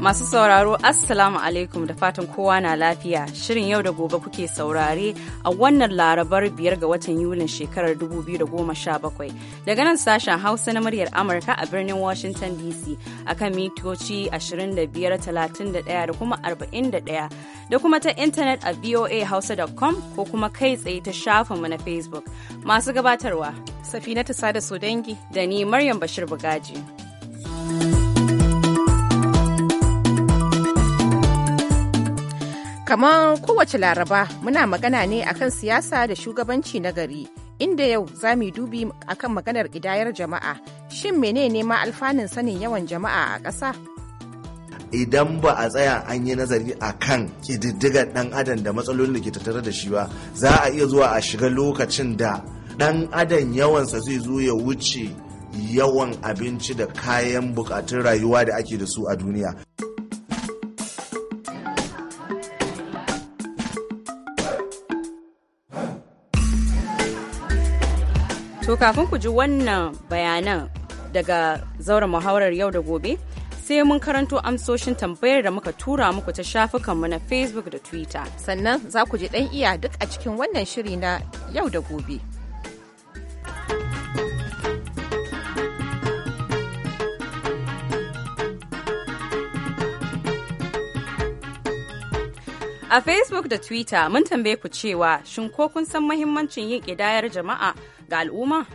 Masu sauraro Assalamu alaikum da fatan kowa na lafiya. Shirin yau da gobe kuke saurare a wannan larabar biyar ga watan Yulin shekarar 2017 daga nan sashen Hausa na muryar Amurka a birnin Washington DC a kan mitoci 25,31 da kuma 41 da kuma ta intanet a voahausa.com ko kuma kai tsaye ta shafinmu na Facebook. Masu gabatarwa ta Sada dangi, da ni Maryam Bashir Bugaji. thank you Kamar kowace laraba muna magana ne akan siyasa da shugabanci na gari, inda yau za mu dubi akan maganar ƙidayar jama'a. Shin menene ma alfanun sanin yawan jama'a a ƙasa? Idan ba a tsaya an yi nazari a kan ƙididdigar ɗan adam da matsalolin da ke tattare da shi ba, za a iya zuwa a shiga lokacin da ɗan adam yawansa zai zo ya wuce yawan abinci da kayan bukatun rayuwa da ake da su a duniya. To kafin ku ji wannan bayanan daga zauren muhawarar yau da gobe, sai mun karanto amsoshin tambayar da muka tura muku ta shafukanmu na Facebook da Twitter. Sannan za ku ji ɗan iya duk a cikin wannan shiri na yau da gobe. A Facebook da Twitter mun tambaye ku cewa shin ko kun san mahimmancin yin ƙidayar jama'a قال القومه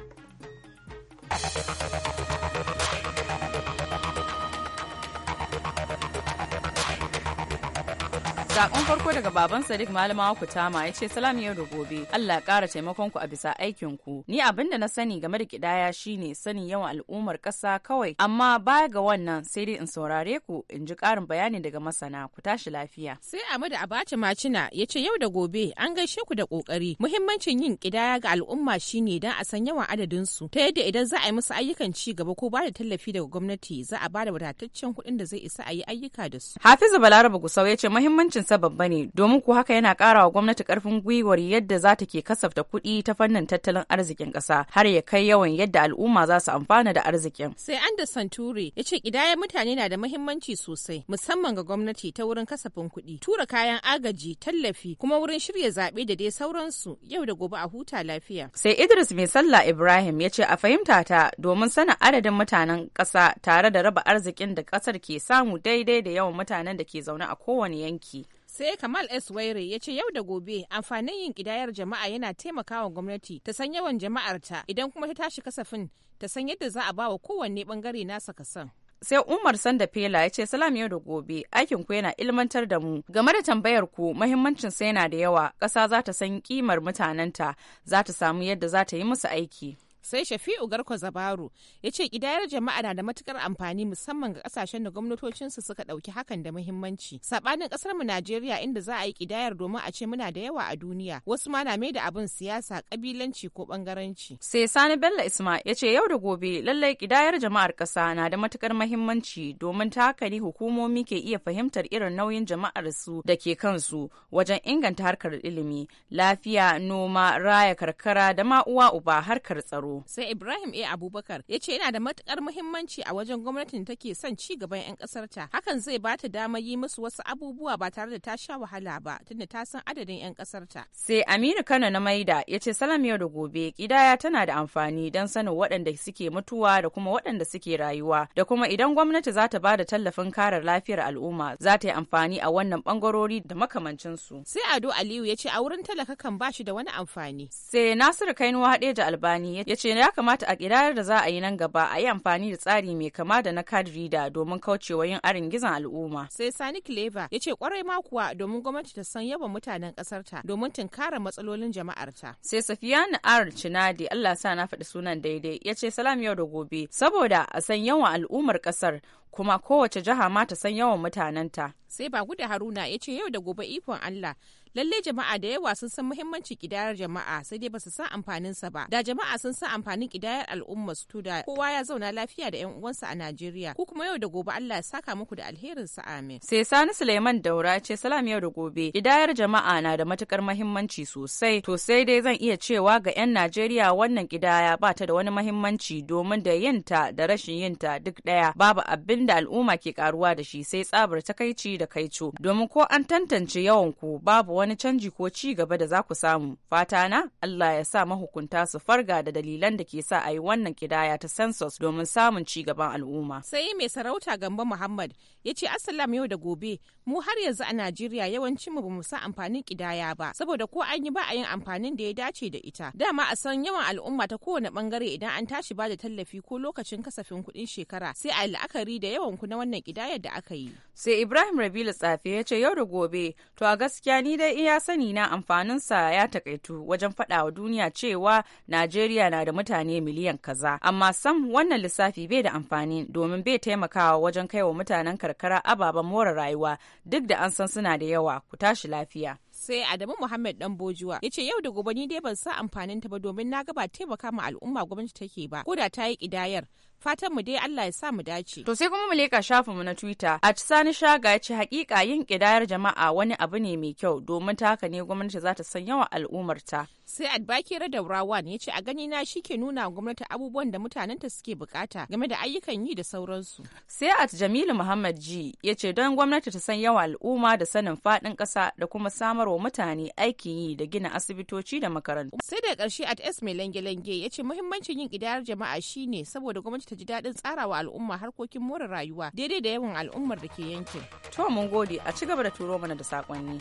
Sakon farko daga baban Sadiq Malama Kutama ya ce salam yau da gobe. Allah ƙara taimakon ku a bisa aikin ku. Ni abin da na sani game da kidaya shine sani yawan al'ummar ƙasa kawai. Amma baya ga wannan sai dai in saurare ku in ji ƙarin bayani daga masana ku tashi lafiya. Sai Amadu Abacha Macina ya ce yau da gobe an gaishe ku da ƙoƙari. Muhimmancin yin kidaya ga al'umma shine dan a san yawan adadin su. Ta yadda idan za a yi musu ayyukan ci gaba ko ba da tallafi daga gwamnati za a ba da wadataccen kuɗin da zai isa a yi ayyuka da su. Hafizu Balaraba Gusau ya ce muhimmancin kansa babba ne domin ku haka yana ƙara wa gwamnati ƙarfin gwiwar yadda za ta ke kasafta kuɗi ta fannin tattalin arzikin ƙasa har ya kai yawan yadda al'umma za su amfana da arzikin. Sai Anderson Ture ya ce ƙidayar mutane na da muhimmanci sosai musamman ga gwamnati ta wurin kasafin kuɗi, tura kayan agaji, tallafi kuma wurin shirya zaɓe da dai sauransu yau da gobe a huta lafiya. Sai Idris mai sallah Ibrahim ya ce a fahimta ta domin sanin adadin mutanen ƙasa tare da raba arzikin da ƙasar ke samu daidai da yawan mutanen da ke zaune a kowane yanki. Sai Kamal S. Waire ya ce yau da gobe amfanin yin kidayar jama'a yana taimakawa gwamnati ta san yawan jama'arta idan kuma ta tashi kasafin ta san yadda za a ba wa kowanne bangare nasa kasan. sai umar sanda fela ya ce salam yau da gobe aikin ku yana ilmantar da mu game da tambayar ku mahimmancin sai yana da yawa ƙasa za ta san kimar mutanenta za ta samu yadda za ta yi musu aiki sai shafi'u garko zabaru ya ce kidayar jama'a na da matukar amfani musamman ga kasashen da gwamnatocinsu suka ɗauki hakan da muhimmanci sabanin kasar mu najeriya inda za a yi kidayar domin a ce muna da yawa a duniya wasu ma na mai da abin siyasa kabilanci ko bangaranci sai sani bello isma ya ce yau da gobe lallai kidayar jama'ar kasa na da matukar muhimmanci domin ta haka ne hukumomi ke iya fahimtar irin nauyin jama'ar su da ke kansu wajen inganta harkar ilimi lafiya noma raya karkara da ma uwa uba harkar tsaro sai ibrahim a abubakar ya ce yana da matukar muhimmanci a wajen gwamnatin da take son ci gaban 'yan ƙasarta hakan zai ba ta dama yi musu wasu abubuwa ba tare da ta sha wahala ba tunda ta san adadin 'yan ƙasarta sai aminu kano na maida ya ce salam yau da gobe kidaya tana da amfani don sanin waɗanda suke mutuwa da kuma waɗanda suke rayuwa da kuma idan gwamnati za ta ba da tallafin karar lafiyar al'umma za ta yi amfani a wannan bangarori da makamancinsu sai ado aliyu ya ce a wurin talaka kan ba shi da wani amfani sai nasiru kainuwa haɗe da albani ya ce ya kamata a ƙidayar da za a yi nan gaba a yi amfani da tsari mai kama da na card reader domin kaucewa yin arin gizon al'umma. Sai Sani Kileva ya ce kwarai ma kuwa domin gwamnati ta san yawan mutanen kasarta domin tunkara matsalolin jama'arta. Sai Safiyan R Cinadi Allah sa na faɗi sunan daidai ya ce salam yau da gobe saboda a san yawan al'ummar ƙasar kuma kowace jiha ma ta san yawan mutanenta. Sai ba guda Haruna ya ce yau da gobe ikon Allah Lallai jama'a da yawa sun san muhimmanci kidayar jama'a sai dai basu san amfanin sa ba. Da jama'a sun san amfanin kidayar al'umma su to kowa ya zauna lafiya da 'yan uwansa a Najeriya. Ku kuma yau da gobe Allah ya saka muku da alherin sa amin. Sai Sani Suleiman Daura ce salam yau da gobe. Kidayar jama'a na da matukar muhimmanci sosai. To sai dai zan iya cewa ga 'yan Najeriya wannan kidaya ba ta da wani muhimmanci domin da yinta da rashin yinta duk daya babu abin da al'umma ke karuwa da shi sai tsabar takaici da kaico. Domin ko an tantance yawan ku babu wani wani canji ko ci gaba da za ku samu. Fata na Allah ya sa mahukunta su farga da dalilan da ke sa a yi wannan kidaya ta census domin samun ci gaban al'umma. Sai mai sarauta Gambo Muhammad ya ce Assalam yau da gobe mu har yanzu a Najeriya yawanci mu bamu san amfanin kidaya ba saboda ko an yi ba a yin amfanin da ya dace da ita. Dama a san yawan al'umma ta kowane bangare idan an tashi ba da tallafi ko lokacin kasafin kuɗin shekara sai a la'akari da yawan ku na wannan kidayar da aka yi. Sai Ibrahim Rabilu Tsafe ya ce yau da gobe to a gaskiya ni dai iya sani na amfaninsa ya takaitu wajen faɗa wa duniya cewa Najeriya na da mutane miliyan kaza. Amma sam wannan lissafi bai da amfani domin bai taimakawa wajen kaiwa mutanen karkara ababen more rayuwa duk da an san suna da yawa ku tashi lafiya. sai Adamu Muhammad dan Bojuwa ya ce yau da gobe ni dai ban sa amfanin ta ba domin na ga ba taimaka ma al'umma gwamnati take ba ko da ta yi kidayar Fatan mu dai Allah ya sa mu dace. To sai kuma mu leƙa shafinmu na Twitter. At Sani Shaga ya ce hakika yin kidayar jama'a wani abu ne mai kyau domin ta haka ne gwamnati za ta san yawan al'ummarta. Sai da Daurawan ya ce a gani na shi ke nuna gwamnati abubuwan da mutanen mutanenta suke bukata game da ayyukan yi da sauransu. Sai at Jamilu Muhammad G ya ce don gwamnati ta san yawan al'umma da sanin fadin kasa da kuma samarwa mutane aikin yi da gina asibitoci da makarantu. Sai da karshe at S mai lange-lange ya ce muhimmancin yin ƙidayar jama'a shine saboda gwamnati ta ta ji daɗin tsarawa al'umma harkokin more rayuwa daidai da yawan al'ummar da ke yankin. To mun gode a ci gaba da turo mana da sakonni.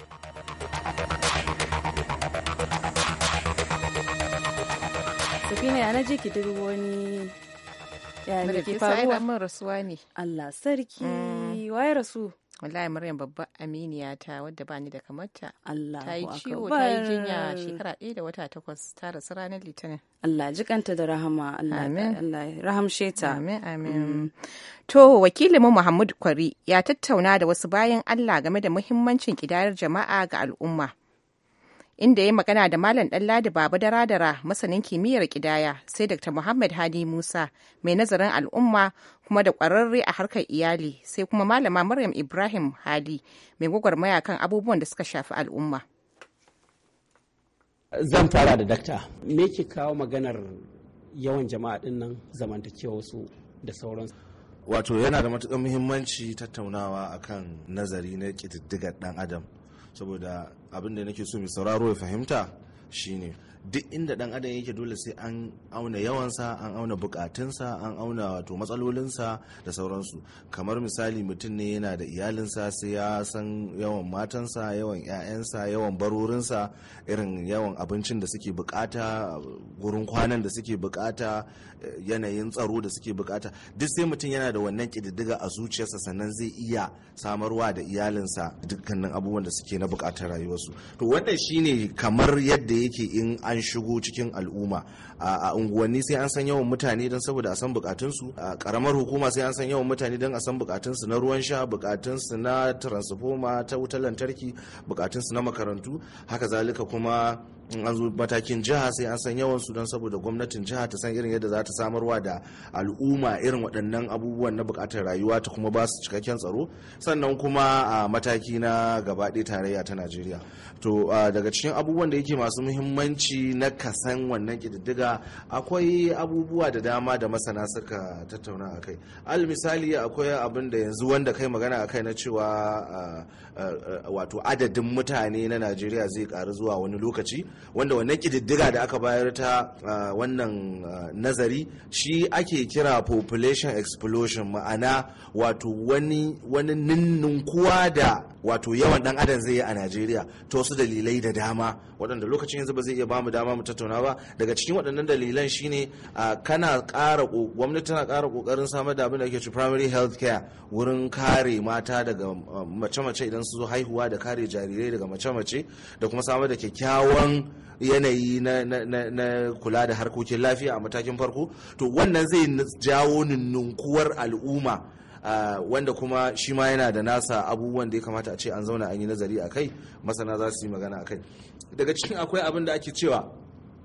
Safina ya je ki duk wani ya ke faruwa. rasuwa ne. Allah sarki mm. waye rasu. wallahi maryam babbar aminiya ta wadda bani da kamarta ta yi ciwo ta yi jinya shekara ɗaya da wata takwas ta rasu ranar litinin Allah jikanta da rahama Allah rahamshe ta amin amin mm. to wakilinmu Muhammad Kwari ya tattauna da wasu bayan Allah game da muhimmancin kidayar jama'a ga al'umma inda ya magana da Malam Ɗanladi Baba Dara-dara masanin kimiyyar kidaya sai Dr. Muhammad Hadi Musa mai nazarin al'umma kuma da ƙwararre a harkar iyali sai kuma Malama Maryam Ibrahim Hadi mai gwagwarmaya kan abubuwan da suka shafi al'umma. Zan fara da dakta. Me ke kawo maganar yawan jama'a din nan zamantakewa su da sauran Wato yana da matuƙar muhimmanci tattaunawa akan nazari na ƙididdigar ɗan adam. saboda abin da nake so mai sauraro ya fahimta shine duk inda dan adam yake dole sai an auna yawansa an auna bukatunsa an auna wato matsalolinsa da sauransu kamar misali mutum ne yana da iyalinsa sai ya san yawan matansa yawan 'ya'yansa yawan barorinsa irin yawan abincin da suke bukata gurin kwanan da suke bukata yanayin tsaro da suke bukata duk sai mutum yana da wannan kididdiga a zuciyarsa sannan zai iya samarwa da iyalinsa dukkanin abubuwan da suke na bukatar rayuwarsu to wannan shine kamar yadda yake in an shigo cikin al'umma a unguwanni sai an san yawan mutane don saboda a san bukatunsu a karamar hukuma sai an san yawan mutane don a san bukatunsu na ruwan sha bukatunsu na transfoma ta wutar lantarki bukatunsu na makarantu haka zalika kuma in an zo matakin jiha sai an san yawan sudan don saboda gwamnatin jiha ta san irin yadda za ta samarwa da al'umma irin waɗannan abubuwan na buƙatar rayuwa ta kuma ba su cikakken tsaro sannan kuma a mataki na gabaɗe tarayya ta najeriya to daga cikin abubuwan da yake masu muhimmanci na kasan wannan ƙididdiga akwai abubuwa da dama da masana suka tattauna a kai al misali akwai abin da yanzu wanda kai magana a kai na cewa wato adadin mutane na najeriya zai ƙaru zuwa wani lokaci wanda wannan kididdiga da aka bayar ta wannan nazari shi ake kira population explosion ma'ana wato wani ninnin ninninkuwa da wato yawan dan adam zai yi a najeriya ta wasu dalilai da dama waɗanda lokacin yanzu ba zai iya bamu dama mu tattauna ba daga cikin waɗannan dalilan shine kana ƙara gwamnati tana ƙara ƙoƙarin samar da abin da ake ci primary health care wurin kare mata daga mace-mace idan su zo haihuwa da kare jarirai daga mace-mace da kuma samar da kyakkyawan yanayi na, kula da harkokin lafiya a matakin farko to wannan zai jawo ninkuwar al'umma wanda kuma shi ma yana da nasa abubuwan da ya kamata a ce an zauna an yi nazari a kai masana za su yi magana a kai daga cikin akwai abin da ake cewa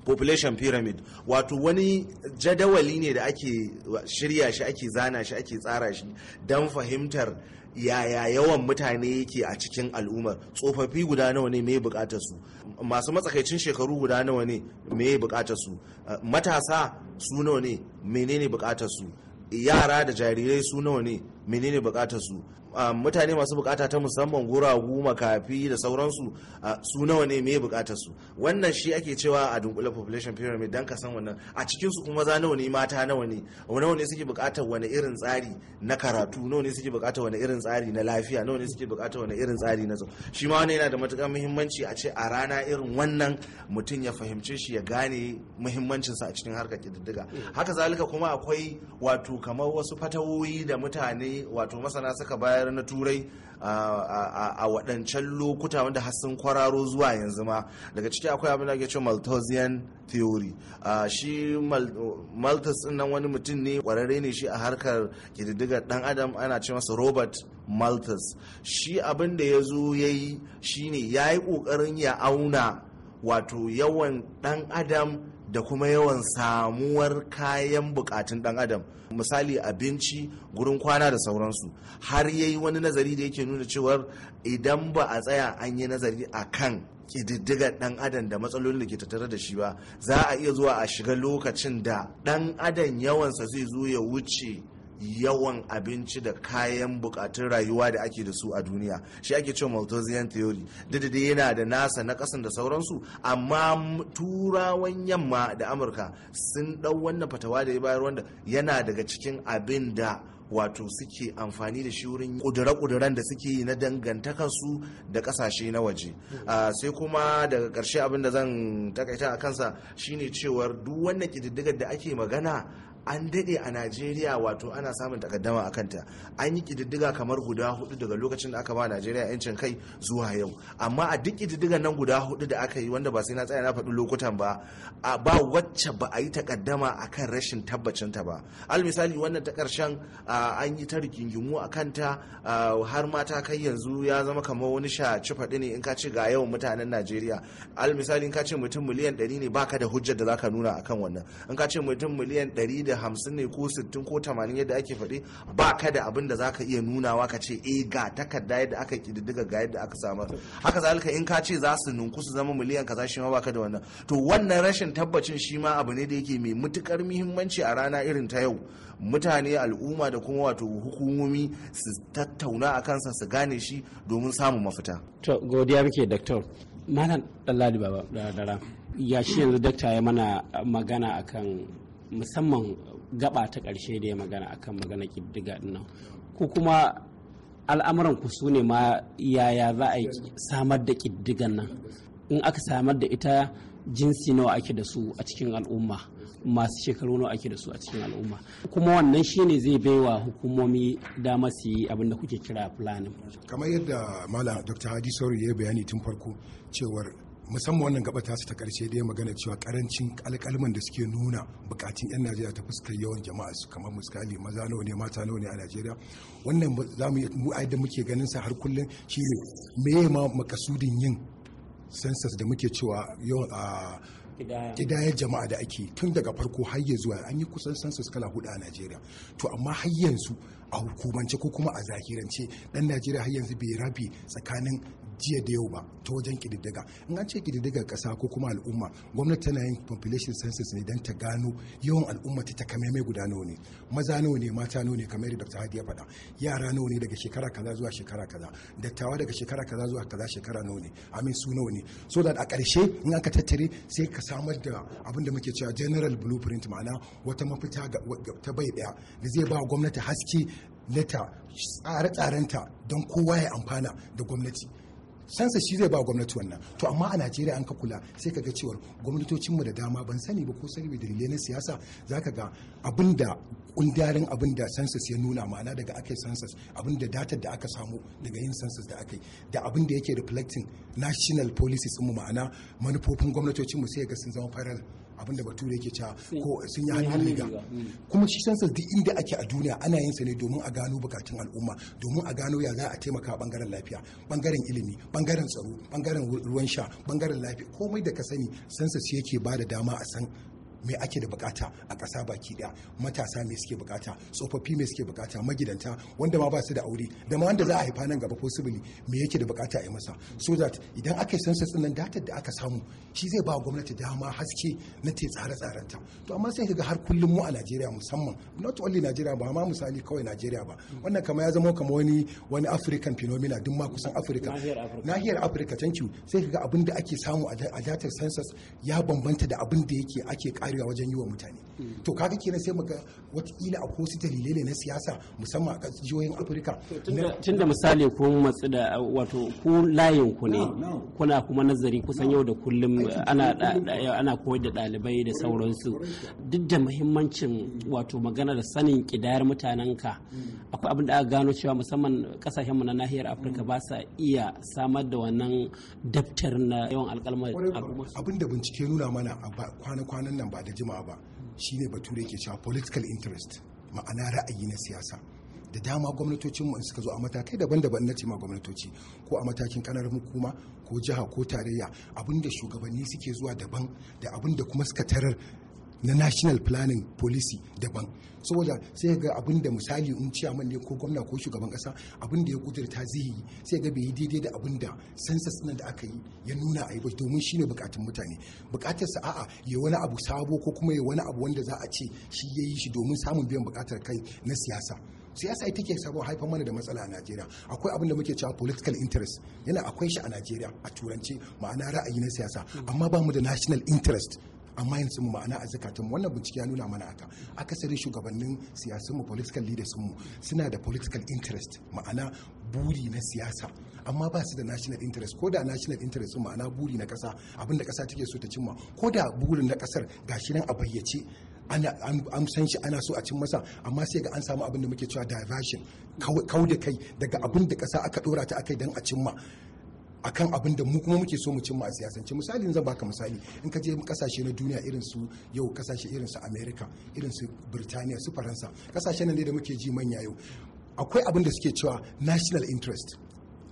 population pyramid wato wani jadawali ne da ake shirya shi ake zana shi ake tsara shi don fahimtar yaya yawan mutane yake a cikin al'ummar tsofaffi guda nawa ne mai bukatar su masu matsakaicin shekaru guda nawa ne mai bukatar su eh, matasa su nawa ne menene bukatar su yara da jarirai su nawa ne menene bukatar su mutane masu bukata ta musamman guragu makafi da sauransu su nawa ne me bukatar su wannan shi ake cewa a dunkule population pyramid dan ka san wannan a cikin su kuma za nawa ne mata nawa ne nawa ne suke bukatar wani irin tsari na karatu nawa ne suke bukatar wani irin tsari na lafiya nawa ne suke bukatar wani irin tsari na zaune shi ma wani yana da matukar muhimmanci a ce a rana irin wannan mutum ya fahimce shi ya gane muhimmancinsa a cikin harkar kididdiga haka zalika kuma akwai wato kamar wasu fatawoyi da mutane wato masana suka bayar shayar na turai a waɗancan lokuta wanda hassan kwararo zuwa yanzu ma daga ciki akwai abin da ake cewa malthusian theory shi malthus nan wani mutum ne kwararre ne shi a harkar kididdigar ɗan adam ana ce masa robert malthus shi abin da ya zo ya yi shi ne ya yi ƙoƙarin ya auna wato yawan ɗan adam da kuma yawan samuwar kayan bukatun dan adam misali abinci gurin kwana da sauransu har yayi wani nazari da yake nuna cewar idan ba a tsaya an yi nazari a kan ƙididdigar ɗan adam da matsalolin da ke tattare da shi ba za a iya zuwa a shiga lokacin da ɗan adam yawansa zai zo ya wuce yawan abinci da kayan bukatun rayuwa da ake da su a duniya shi ake cewa malthusian theory duk yana da nasa na kasan da sauransu amma turawan yamma da amurka sun dau wannan fatawa da ya bayar wanda yana daga cikin abin da wato suke amfani da shi wurin kudura kuduren da suke yi na dangantakarsu da kasashe na waje ah, sai kuma daga karshe abin da zan takaita a kansa shine cewar duk wannan kididdigar da ake magana an daɗe a najeriya wato ana samun takaddama a kanta an yi ƙididdiga kamar guda hudu daga lokacin da aka ba najeriya yancin kai zuwa yau amma a duk ƙididdigan nan guda hudu da aka yi wanda ba sai na tsaya na faɗi lokutan ba a ba wacce ba a yi takaddama a kan rashin tabbacin ta ba al misali wannan ta karshen an yi ta rigingimu a kanta har ma ta kai yanzu ya zama kamar wani ci faɗi ne in ka ce ga yawan mutanen najeriya al misali in ka ce mutum miliyan ɗari ne baka da hujjar da zaka nuna akan wannan in ka ce mutum miliyan ɗari da hamsin ne ko sittin ko tamanin yadda ake faɗi ba ka da abin da zaka iya nunawa ka ce e ga takarda yadda aka kididdiga ga yadda aka samar haka zalika in ka ce za su ninku su zama miliyan kaza shi ma baka da wannan to wannan rashin tabbacin shi ma abu ne da yake mai matukar muhimmanci a rana irin ta yau mutane al'umma da kuma wato hukumomi su tattauna a kansa su gane shi domin samun mafita to godiya muke doctor malam dalali baba da dara ya shi yanzu dakta ya mana magana akan musamman gaba ta ƙarshe da ya magana akan magana kiddiga nan ko kuma al'amuran ku su ne ma yaya za a samar da kiddigan nan in aka samar da ita jinsi nawa ake da su a cikin al'umma masu shekaru nawa ake da su a cikin al'umma kuma wannan shine zai baiwa hukumomi dama su yi abin da kuke kira planning kamar yadda malam dr hadi sauri ya bayani tun farko cewar musamman wannan gaba ta su ta karshe da magana cewa karancin alkalman da suke nuna bukatun yan najeriya ta fuskar yawan jama'a su kamar misali maza nawa ne mata nawa ne a najeriya wannan za mu mu da muke ganin sa har kullum shi ne me ma makasudin yin census da muke cewa yawan a kidayar jama'a da ake tun daga farko har ya zuwa an yi kusan census kala hudu a najeriya to amma har yanzu a hukumance ko kuma a zahirance dan najeriya har yanzu bai rabi tsakanin jiya da yau ba ta wajen kididdiga in an ce kididdigar kasa ko kuma al'umma gwamnati tana yin population census ne don ta gano yawan al'umma ta kame mai guda nawa ne maza nawa ne mata nawa ne kamar yadda Dr. Hadi ya faɗa yara nawa ne daga shekara kaza zuwa shekara kaza dattawa daga shekara kaza zuwa kaza shekara nawa ne amin su nawa ne so da a ƙarshe in aka tattare sai ka samar da abin da muke cewa general blueprint ma'ana wata mafita ta bai ɗaya da zai ba gwamnati haske na ta tsare-tsarenta don kowa ya amfana da gwamnati sansa shi zai ba gwamnati wannan to amma a najeriya an ka kula sai ka ga cewar gwamnatocinmu da dama ban sani ba ko sarbe dalilai na siyasa za ka ga abin da kundarin abin da sansas ya nuna ma'ana daga aka yi abin da datar da aka samu daga yin sansas da aka da abin da yake reflecting national policies mu ma'ana manufofin gwamnatocinmu sai ga sun zama farar. abinda bature yake cewa ko sun yi hannun riga mm. kuma shi sansa duk inda ake a duniya ana yin sa ne domin a gano bukatun al'umma domin a gano ya za a taimaka bangaren lafiya bangaren ilimi bangaren tsaro bangaren ruwan sha bangaren lafiya komai da ka sani sansa yake ba da dama a san me ake da bukata a ƙasa baki ɗaya matasa me suke bukata tsofaffi me suke bukata magidanta wanda ma ba su da aure da ma wanda za a haifa nan gaba ko sibili me yake da bukata a masa so that idan aka yi sansa tsinan datar da aka samu shi zai ba gwamnati dama haske na te tsare ta to amma sai kaga har kullum mu a Najeriya musamman not only Najeriya ba amma misali kawai Najeriya ba wannan kama ya zama kama wani wani African phenomena duk ma kusan Africa nahiyar Africa thank you sai ga abin da ake samu a datar census ya bambanta da abin da yake ake ƙarewa wajen yi wa mutane hmm. to kaga kenan sai muka watakila a ko su ne na siyasa musamman a jihohin afirka tun da misali kun matsu da wato ku layin ku ne kuna kuma nazari kusan yau da kullum ana koyar da ɗalibai da sauransu duk da muhimmancin hmm. wato magana da sanin kidayar mutanen ka hmm. akwai abin da aka gano cewa musamman kasashen mu na nahiyar afirka ba sa iya samar da wannan daftar na yawan alƙalmar abin da bincike nuna mana a kwana-kwanan nan ba ba da jimawa ba shine bature ke cewa political interest ma'ana ra'ayi na siyasa da dama gwamnatocin in suka zo a matakai daban-daban na cima gwamnatoci ko a matakin kanar hukuma ko jiha ko tarayya abinda shugabanni suke zuwa daban da abinda kuma suka tarar na national planning policy daban saboda sai ga abin da misali in man ne ko gwamna ko shugaban kasa abin da ya kudurta zai yi sai ga bai yi daidai da abin da census nan da aka yi ya nuna a yi ba domin shine bukatun mutane bukatar sa a'a ya wani abu sabo ko kuma ya wani abu wanda za a ce shi ya yi shi domin samun biyan bukatar kai na siyasa siyasa ita ke sabo haifar mana da matsala a najeriya akwai abin da muke cewa political interest yana akwai shi a najeriya a turance ma'ana ra'ayi na siyasa amma ba mu da national interest a minds mu ma'ana a zakatun mu wannan bincike ya nuna mana aka akasari shugabannin siyasun mu political leaders mu suna da political interest ma'ana buri na siyasa amma ba su da national interest ko da national interest sun ma'ana buri na kasa abinda kasa take so ta cimma ko da burin na kasar gashi nan a bayyace an san shi ana so a cin masa amma sai ga an samu abin da muke cewa diversion kau da kai daga abin da kasa aka dora ta akai dan a cimma akan abin da mu kuma muke so mu cimma a siyasance misali zan baka misali in ka je kasashe na duniya irin su yau kasashe irin su america irin su birtaniya su faransa kasashe ne da muke ji manya yau akwai abin da suke cewa national interest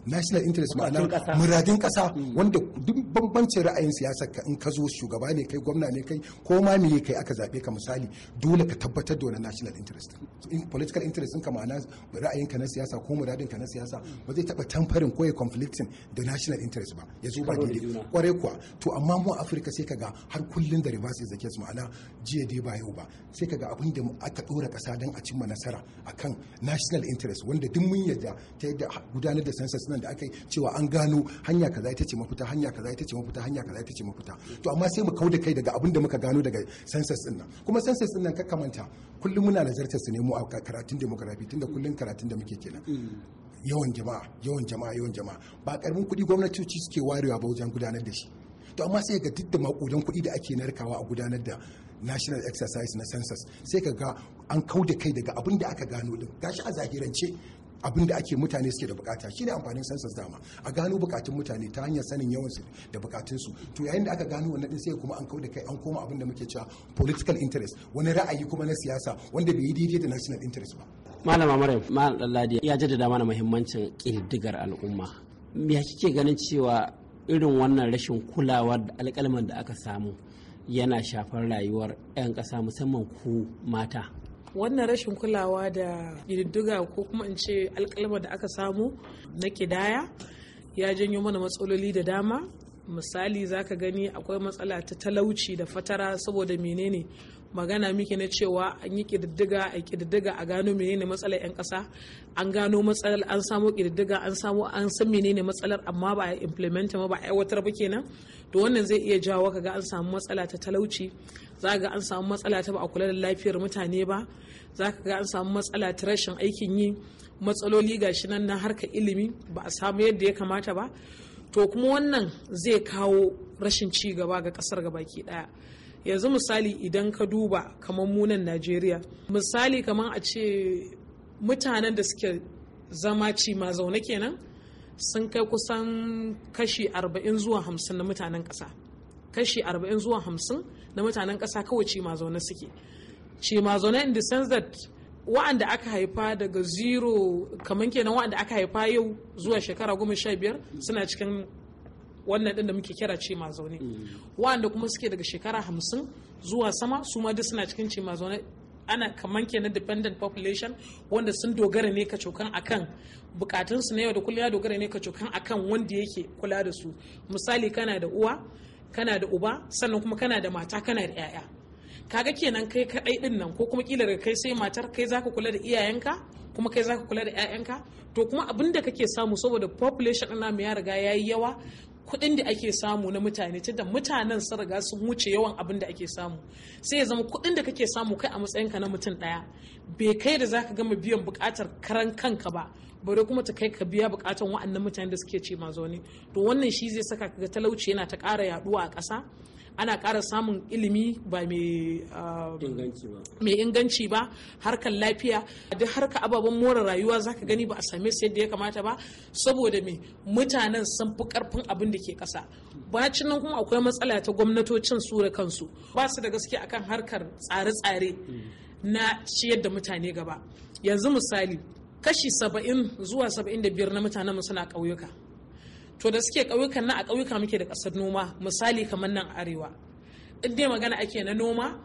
national interest ma'ana muradin kasa hmm. wanda duk bambancin ra'ayin siyasar ka in ka zo shugaba ne kai gwamna ne kai ko ma me kai aka zabe ka misali dole ka tabbatar da wannan national interest in political interest ka ma'ana ra'ayin ka na siyasa ko muradin ka na siyasa hmm. ba zai taba tamfarin ko ya conflicting da national interest ba ya zo ba daidai kwarai kuwa to amma mu Afirka sai kaga har kullun da reverse is the case ma'ana jiya dai ba yau ba sai kaga abin da aka dora kasa dan a cimma nasara akan national interest wanda duk mun yadda ta yadda gudanar da census na maganganun da aka yi cewa an gano hanya kaza ita ce mafita hanya kaza ita ce mafita hanya kaza ita ce mafita to amma sai mu da kai daga abin da muka gano daga census din nan kuma census din nan ka kamanta kullum muna nazartar su ne mu a karatun demography tunda kullum karatun da muke kenan mm. yawan jama'a yawan jama'a yawan jama'a ba karamin kuɗi gwamnatoci suke warewa ba wajen gudanar da shi to amma sai ga duk da makudan kuɗi da ake narkawa a gudanar da national exercise na census sai ka ga an kau da kai daga abin da aka gano din gashi a zahirance abin da ake mutane suke da bukata shine amfanin sensus dama a gano bukatun mutane ta hanyar sanin yawan su da bukatun su to yayin da aka gano wannan din sai kuma an kauda kai an koma abin da muke cewa political interest wani ra'ayi kuma na siyasa wanda bai yi daidai da national interest ba malama maryam malam dalladi ya jaddada mana muhimmancin kirdigar al'umma me kike ganin cewa irin wannan rashin kulawa da alƙalman da aka samu yana shafar rayuwar 'yan ƙasa musamman ku mata wannan rashin kulawa da ƙididdiga ko kuma in ce alƙalma da aka samu na ƙidaya ya janyo mana matsaloli da dama misali za ka gani akwai matsala ta talauci da fatara saboda menene magana muke na cewa an yi kididdiga a kididdiga a gano menene matsalar 'yan kasa an gano matsalar an samo kididdiga an samo an san menene matsalar amma ba a implement ba ba a aiwatar ba kenan to wannan zai iya jawo kaga an samu matsala ta talauci za ga an samu matsala ta ba a kula da lafiyar mutane ba za ka ga an samu matsala ta rashin aikin yi matsaloli gashi nan na harka ilimi ba a samu yadda ya kamata ba to kuma wannan zai kawo rashin ci gaba ga kasar gabaki daya yanzu misali idan ka duba kamar munan najeriya misali kamar a ce mutanen da suke zama ci ma zaune kenan sun kai kusan kashi 40 zuwa 50 na mutanen ƙasa kashi 40 zuwa 50 na mutanen ƙasa kawai ci ma zaune suke ci ma zaune in the sense that wa'anda aka haifa daga zero kamar kenan wa'anda aka haifa yau zuwa shekara 15 suna cikin wannan din da muke kira ce ma mm. zaune wanda kuma suke daga shekara hamsin zuwa sama su ma duk suna cikin ce ma zaune ana kaman kenan dependent population wanda sun dogara ne kacokan akan bukatunsu na yau da kullum ya dogara ne kacokan akan wanda yake kula da su misali kana da uwa kana da uba sannan kuma kana da mata kana da 'ya'ya kaga kenan kai kadai din nan ko kuma kila daga kai sai matar kai zaka kula da iyayenka kuma kai zaka kula da 'ya'yanka to kuma abinda kake samu saboda population ɗin namu ya riga yayi yawa kuɗin da ake samu na mutane ta da mutanen saraga sun wuce yawan abin da ake samu sai ya zama kuɗin da kake samu kai a matsayinka na mutum ɗaya bai kai da zaka gama biyan buƙatar karan kanka ba bari kuma ta kai ka biya buƙatar wa'annan mutane da suke ce ma zaune to wannan shi zai saka ka ga talauci yana ta ƙara yaɗuwa a ƙasa ana kara samun ilimi ah, ba mai inganci ba harkar lafiya duk harka ababen more rayuwa zaka gani ba a same su yadda ya kamata ba saboda me mutanen sun fi karfin abin da ke ƙasa bacin nan kuma akwai matsala ta gwamnatocin su da kansu ba su da gaske akan harkar tsare-tsare mm. na ciyar da mutane gaba yanzu misali kashi saba'in zuwa saba'in da biyar na mutanen suna ƙauyuka to da suke ƙauyukan nan a ƙauyuka muke da ƙasar noma misali kamar nan arewa in dai magana ake na noma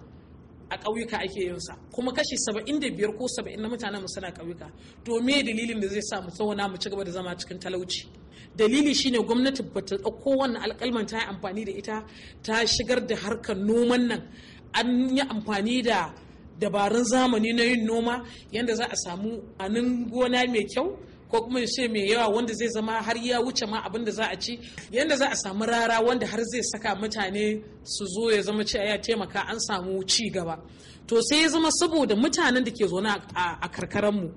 a ƙauyuka ake yin sa kuma kashi 75 ko 70 na mutanen mu suna ƙauyuka to me dalilin da zai sa mu tsawana mu ci gaba da zama cikin talauci dalili shine gwamnati bata ɗauko wannan alƙalman ta yi amfani da ita ta shigar da harkar noman nan an yi amfani da dabarun zamani na yin noma yadda za a samu anin gona mai kyau ko kuma ya ce mai yawa wanda zai zama har ya wuce ma abin da za a ci yadda za a samu rara wanda har zai saka mutane su zo ya zama cewa ya taimaka an samu ci gaba to sai ya zama saboda mutanen da ke zaune a karkararmu mu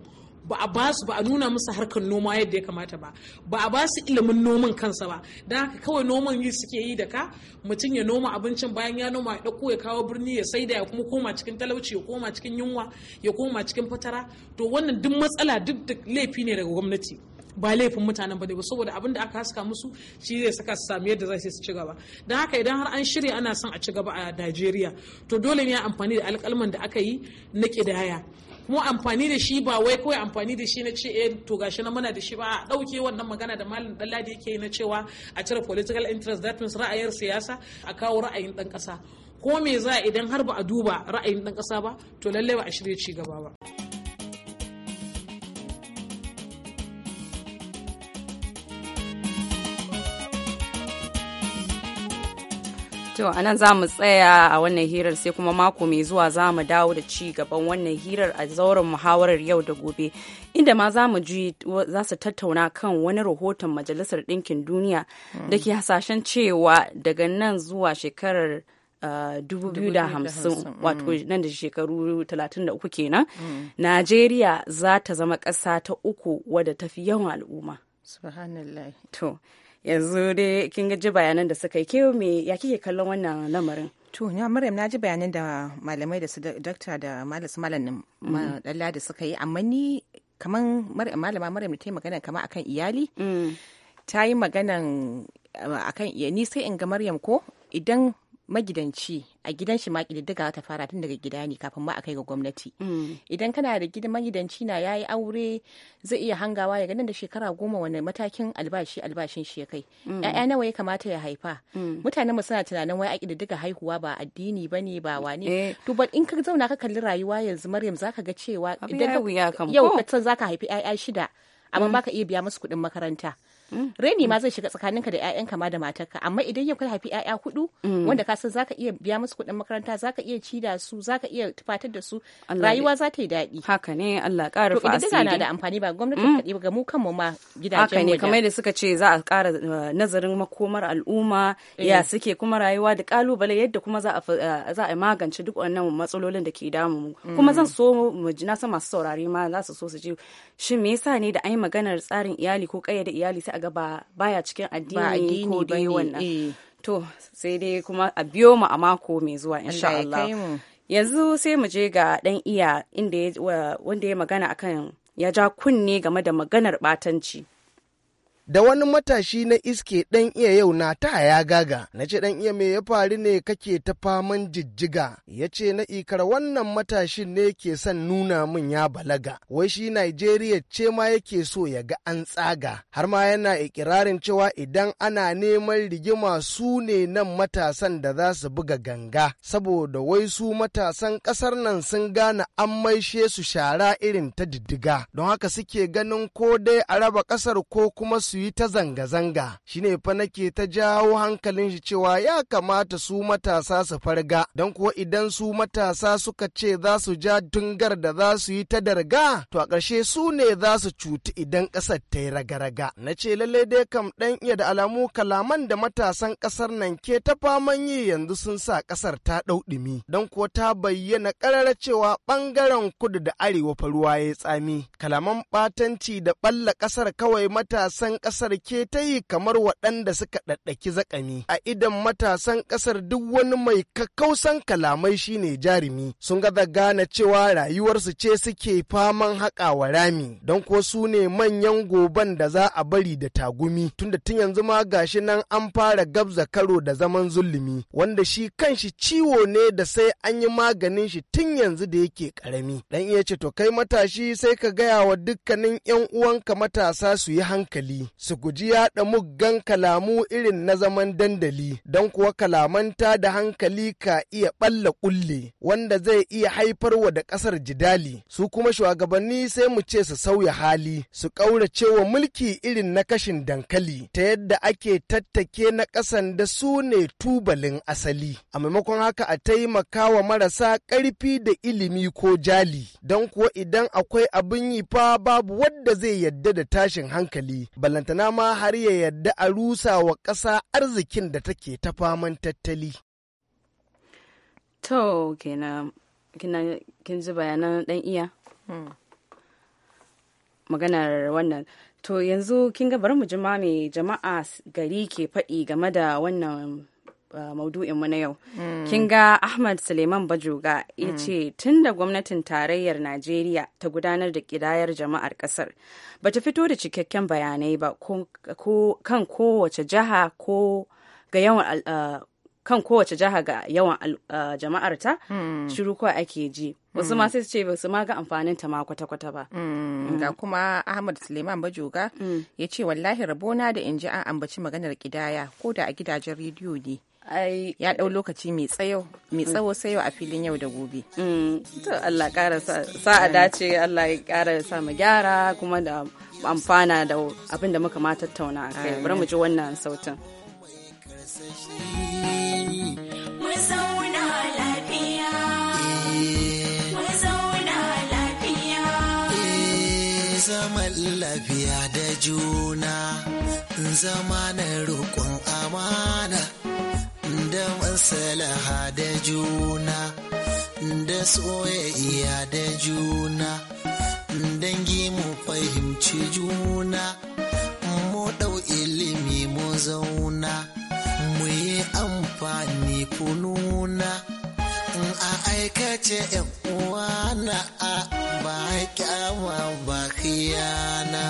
ba a basu ba a nuna musu harkar noma yadda ya kamata ba ba a basu ilimin noman kansa ba don haka kawai noman yi suke yi da ka mutum ya noma abincin bayan ya noma ya ɗauko ya kawo birni ya saida ya kuma koma cikin talauci ya koma cikin yunwa ya koma cikin fatara to wannan duk matsala duk da laifi ne daga gwamnati ba laifin mutanen ba ne ba saboda abin da aka haska musu shi zai saka su sami yadda za su ci gaba don haka idan har an shirya ana son a ci gaba a Najeriya to dole ne amfani da alkalman da aka yi na kidaya mu amfani da shi ba wai kawai amfani da shi na ce eh to gashi na muna da shi ba a dauke wannan magana da malam dalladi yake na cewa a cire political interest that means ra'ayar siyasa a kawo ra'ayin dan kasa ko me za idan har ba a duba ra'ayin dan kasa ba to lallai ba a shirye ci gaba ba To a nan za mu tsaya a wannan hirar sai kuma mako mai zuwa za mu dawo da ci gaban wannan hirar a zauren muhawarar yau da gobe inda ma za mu ji za su tattauna kan wani rahoton majalisar ɗinkin duniya da ke hasashen cewa daga nan zuwa shekarar 2050 uh, mm. wato nan da shekaru 33 kenan mm. Najeriya za ta zama ƙasa ta uku wadda ta fi yawan al'umma. yanzu dai kin ji bayanan da suka yi ke me ya kike kallon wannan lamarin to ya maryam na ji bayanan da malamai da su dakta da malas malamin mm. dalla da suka yi amma ni kaman malama maryam ta yi magana kama akan iyali mm. ta yi magana eh, akan ni sai in ga maryam ko idan magidanci a gidan shi ma kididdiga ta fara tun daga gida ne kafin ma a kai ga gwamnati mm. idan kana da gidan magidanci na yayi aure zai iya hangawa ya ganin da shekara goma wani matakin albashi albashin shi ya kai mm. ya'ya nawa ya kamata ya haifa mm. mutanen mu suna tunanin wai a daga haihuwa ba addini bane ba wane eh. to in ka zauna ka kalli rayuwa yanzu Maryam zaka ga cewa idan yau ka zaka haifi ya'ya shida amma baka iya biya musu kuɗin makaranta Mm. reni mm. ma zai shiga tsakaninka da 'ya'yanka ma da matarka amma idan yau ka haifi 'ya'ya hudu mm. wanda ka san zaka iya biya musu kuɗin makaranta zaka iya ci da su zaka iya tufatar da su rayuwa za ta yi daɗi haka ne Allah ƙara fa asiri to idan na da amfani ba gwamnati ta ga mu kanmu ma gidajen haka ne kamar da suka ce za a ƙara uh, nazarin makomar al'umma ya eh. suke kuma rayuwa da kalubale yadda kuma uh, za a magance duk wannan matsalolin da ke damu mu kuma zan so mu na san masu saurare ma za su so su ji shin me yasa ne da ai maganar tsarin iyali ko kayyade iyali a gaba baya cikin addini ko dai wannan eh. to sai dai kuma a biyo mu a mako mai zuwa insha Allah yanzu sai mu je ga dan iya inda wanda ya magana akan ya ja kunne game da maganar batanci da wani matashi na iske ɗan iya yau na ta ya gaga na ce ɗan iya mai ya faru ne kake ta faman jijjiga ya ce na ikar wannan matashin ne ke son nuna min ya balaga wai shi Najeriya ce ma yake so ya ga an tsaga har ma yana ikirarin cewa idan ana neman rigima su ne nan matasan da za su buga ganga saboda wai su matasan ƙasar nan sun gane an maishe su shara irin ta diddiga don haka suke ganin ko dai a raba ƙasar ko kuma su su yi ta zanga-zanga shine fa nake ta jawo hankalin shi cewa ya kamata su matasa su farga don kuwa idan su matasa suka ce za su ja tungar da za su yi ta darga to a ƙarshe su ne za su cuti idan ƙasar ta yi raga-raga na ce lalle dai kam ɗan iya da alamu kalaman da matasan ƙasar nan ke ta faman yi yanzu sun sa ƙasar ta ɗau ɗumi don kuwa ta bayyana ƙarar cewa ɓangaren kudu da arewa faruwa ruwa ya tsami kalaman ɓatanci da ɓalla ƙasar kawai matasan ƙasar ke ta yi kamar waɗanda suka ɗaɗɗaki zakami. A idan matasan ƙasar duk wani mai kakkausan kalamai shine jarumi sun gaza gane cewa rayuwarsu ce suke faman haƙa wa rami don ko su ne manyan goban da za a bari da tagumi tunda tun yanzu ma gashi nan an fara gabza karo da zaman zulumi wanda shi kanshi ciwo ne da sai an yi maganin shi tun yanzu da yake karami dan iya ce to kai matashi sai ka gaya wa dukkanin yan uwanka matasa su yi hankali su guji yaɗa muggan kalamu irin na zaman dandali don kuwa kalamanta da hankali ka iya ɓalla ƙulle wanda zai iya haifarwa da ƙasar jidali su kuma shugabanni sai mu ce su sauya hali su ƙaurace wa mulki irin na kashin dankali ta yadda ake tattake na ƙasan da su ne tubalin asali a maimakon haka a taimakawa marasa ƙarfi da ilimi ko jali don kuwa idan akwai abin yi fa babu wadda zai yadda da tashin hankali balan ballantana ma har ya yadda a rusa wa ƙasa arzikin da take ta faman tattali. To, kenan kin ji bayanan ɗan iya? Hmm. Maganar wannan. To, yanzu kin ga bari mu jima mai jama'a gari ke faɗi game da wannan Uh, maudu'in mu na yau. Hmm. Kin ga Ahmad Suleiman Bajoga ya hmm. ce tun da gwamnatin tarayyar Najeriya ta gudanar da ƙidayar jama'ar kasar ta fito da cikakken bayanai ba kan kowace jiha ga yawan kan kowace uh, jama'arta hmm. shiru kawai ake ji wasu ma sai ce basu ma ga amfanin ta ma kwata-kwata ba ga kuma ahmad suleiman bajoga ya ce wallahi rabona da in ji an ambaci maganar ƙidaya. ko da a gidajen rediyo ne ai ya ɗau lokaci mai tsayo mai tsawo sayo a filin yau da gobe. Mm. To Allah ƙara sa a dace Allah ya ƙara sa mu gyara kuma da amfana da abin da muka ma tattauna a kai bari mu ji wannan sautin. zaman lafiya da juna zama na roƙon amana da masalaha da juna da soyayya da juna dangi mu fahimci juna mu ɗau ilimi mu zauna mu yi amfani kununa in a aikace uwa na a ba kyawa ba khiyana.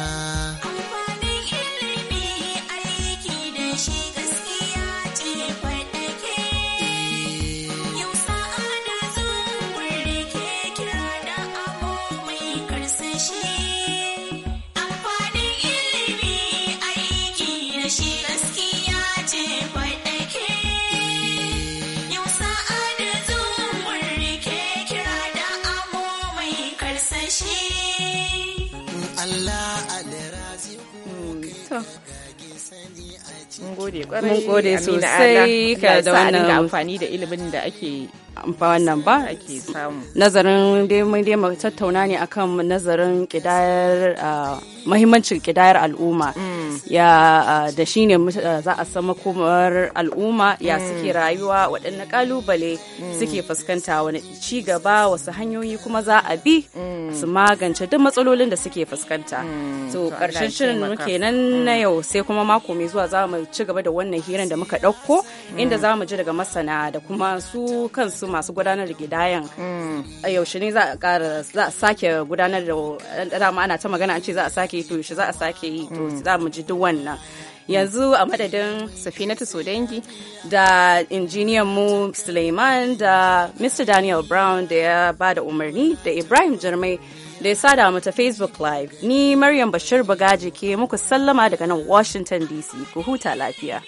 mun gode sosai ka da wannan amfani da ilimin da ake wannan ba ake samu. nazarin dai mun dai tattauna ne akan nazarin kidayar ah, muhimmancin kidayar al'umma mm. ya ah, da shi ne ah, za a sama komar al'umma ya mm. suke rayuwa waɗanne kalubale mm. suke fuskanta wani ci gaba wasu hanyoyi kuma za a bi mm. su magance duk matsalolin da suke fuskanta to karshen shirin muke nan na yau sai kuma mako mai zuwa za mu ci gaba da wannan hirar da muka ɗauko inda za mu ji daga masana da kuma su kansu masu gudanar da gidayen a yaushe ne za a ƙara za a sake gudanar da dama ana ta magana an ce za a sake yi to yaushe za a sake yi to za mu ji duk wannan yanzu a madadin safinatu sodangi da injiniyan mu suleiman da mr daniel brown da ya ba da umarni da ibrahim jarmai da ya sada mu ta facebook live ni maryam bashir bagaji ke muku sallama daga nan washington dc ku huta lafiya